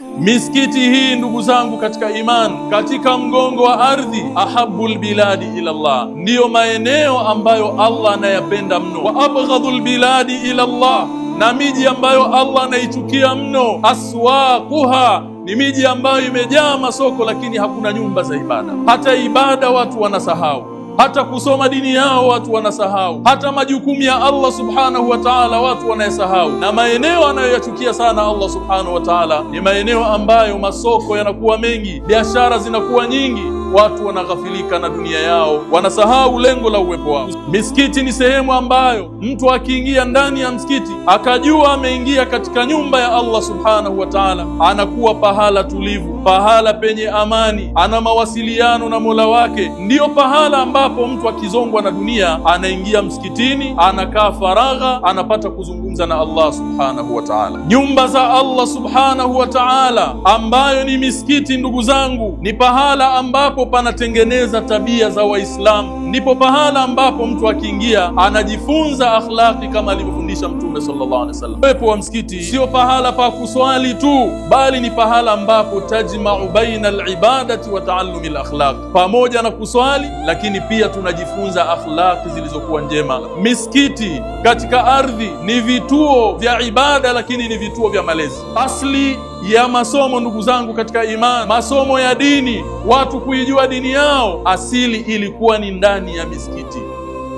Misikiti hii ndugu zangu katika imani, katika mgongo wa ardhi, ahabul biladi ila Allah, ndiyo maeneo ambayo Allah anayapenda mno. Wa abghadul biladi ila Allah, na miji ambayo Allah anaichukia mno. Aswaquha, ni miji ambayo imejaa masoko, lakini hakuna nyumba za ibada. Hata ibada watu wanasahau hata kusoma dini yao watu wanasahau, hata majukumu ya Allah subhanahu wa ta'ala watu wanayasahau. Na maeneo anayoyachukia sana Allah subhanahu wa ta'ala ni maeneo ambayo masoko yanakuwa mengi, biashara zinakuwa nyingi watu wanaghafilika na dunia yao, wanasahau lengo la uwepo wao. Misikiti ni sehemu ambayo mtu akiingia ndani ya msikiti akajua ameingia katika nyumba ya Allah subhanahu wa ta'ala, anakuwa pahala tulivu, pahala penye amani, ana mawasiliano na Mola wake. Ndiyo pahala ambapo mtu akizongwa na dunia anaingia msikitini, anakaa faragha, anapata kuzungumza na Allah subhanahu wa ta'ala. Nyumba za Allah subhanahu wa ta'ala ambayo ni misikiti, ndugu zangu, ni pahala ambapo ambapo panatengeneza tabia za Waislamu, ndipo pahala ambapo mtu akiingia anajifunza akhlaki kama alivyofundisha Mtume sallallahu alaihi wasallam. Pepo wa msikiti sio pahala pa kuswali tu, bali ni pahala ambapo tajmau baina alibadati wa taallumi alakhlaq, pamoja na kuswali, lakini pia tunajifunza akhlaqi zilizokuwa njema. Misikiti katika ardhi ni vituo vya ibada, lakini ni vituo vya malezi asli ya masomo, ndugu zangu katika imani, masomo ya dini, watu kuijua dini yao, asili ilikuwa ni ndani ya misikiti.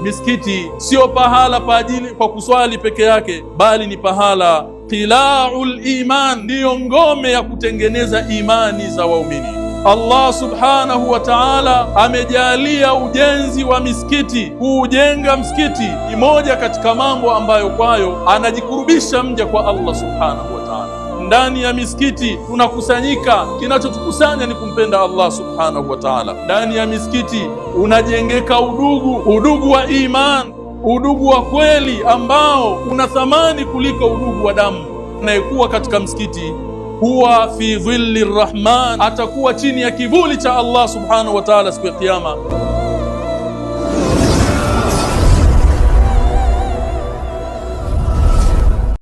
Misikiti sio pahala pa ajili kwa kuswali peke yake, bali ni pahala qilaul iman, ndiyo ngome ya kutengeneza imani za waumini. Allah subhanahu wa ta'ala amejalia ujenzi wa misikiti. Kuujenga msikiti ni moja katika mambo ambayo kwayo anajikurubisha mja kwa Allah subhanahu wa ta'ala ndani ya misikiti tunakusanyika, kinachotukusanya ni kumpenda Allah subhanahu wa ta'ala. Ndani ya misikiti unajengeka udugu, udugu wa iman udugu wa kweli ambao una thamani kuliko udugu wa damu. Anayekuwa katika msikiti huwa fi dhilli rrahman, atakuwa chini ya kivuli cha Allah subhanahu wa ta'ala siku ya Kiyama.